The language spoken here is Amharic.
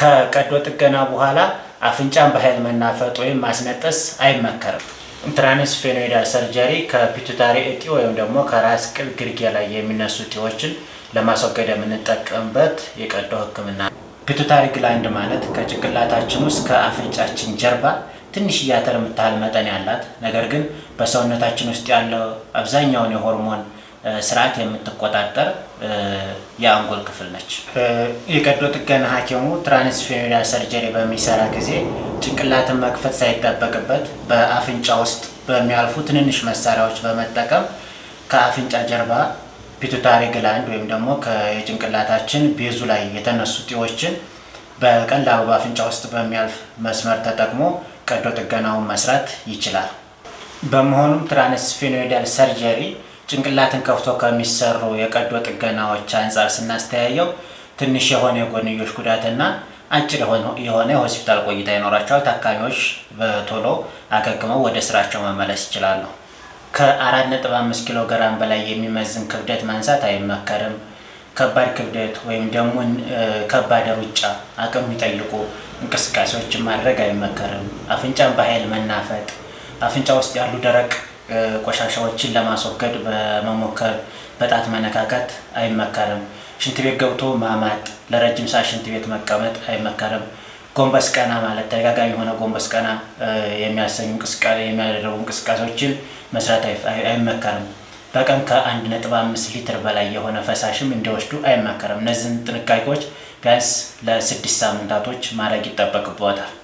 ከቀዶ ጥገና በኋላ አፍንጫን በኃይል መናፈጥ ወይም ማስነጠስ አይመከርም። ትራንስፌኖይዳል ሰርጀሪ ከፒቱታሪ እጢ ወይም ደግሞ ከራስ ቅል ግርጌ ላይ የሚነሱ እጢዎችን ለማስወገድ የምንጠቀምበት የቀዶ ሕክምና ፒቱታሪ ግላንድ ማለት ከጭንቅላታችን ውስጥ ከአፍንጫችን ጀርባ ትንሽ እያተር የምታህል መጠን ያላት ነገር ግን በሰውነታችን ውስጥ ያለው አብዛኛውን የሆርሞን ስርዓት የምትቆጣጠር የአንጎል ክፍል ነች። የቀዶ ጥገና ሐኪሙ ትራንስፌሚላር ሰርጀሪ በሚሰራ ጊዜ ጭንቅላትን መክፈት ሳይጠበቅበት በአፍንጫ ውስጥ በሚያልፉ ትንንሽ መሳሪያዎች በመጠቀም ከአፍንጫ ጀርባ ፒቱታሪ ግላንድ ወይም ደግሞ የጭንቅላታችን ቤዙ ላይ የተነሱ ጢዎችን በቀላሉ በአፍንጫ ውስጥ በሚያልፍ መስመር ተጠቅሞ ቀዶ ጥገናውን መስራት ይችላል። በመሆኑም ትራንስፌኖይዳል ሰርጀሪ ጭንቅላትን ከፍቶ ከሚሰሩ የቀዶ ጥገናዎች አንጻር ስናስተያየው ትንሽ የሆነ የጎንዮሽ ጉዳትና አጭር የሆነ የሆስፒታል ቆይታ ይኖራቸዋል። ታካሚዎች በቶሎ አገግመው ወደ ስራቸው መመለስ ይችላሉ። ከ4.5 ኪሎ ግራም በላይ የሚመዝን ክብደት ማንሳት አይመከርም። ከባድ ክብደት ወይም ደግሞ ከባድ ሩጫ አቅም የሚጠይቁ እንቅስቃሴዎችን ማድረግ አይመከርም። አፍንጫን በኃይል መናፈጥ፣ አፍንጫ ውስጥ ያሉ ደረቅ ቆሻሻዎችን ለማስወገድ በመሞከር በጣት መነካከት አይመከርም። ሽንት ቤት ገብቶ ማማጥ፣ ለረጅም ሰዓት ሽንት ቤት መቀመጥ አይመከርም። ጎንበስ ቀና ማለት ተደጋጋሚ የሆነ ጎንበስ ቀና የሚያሰኙ የሚያደረጉ እንቅስቃሴዎችን መስራት አይመከርም። በቀን ከአንድ ነጥብ አምስት ሊትር በላይ የሆነ ፈሳሽም እንዲወስዱ አይመከርም። እነዚህን ጥንቃቄዎች ቢያንስ ለስድስት ሳምንታቶች ማድረግ ይጠበቅብዎታል።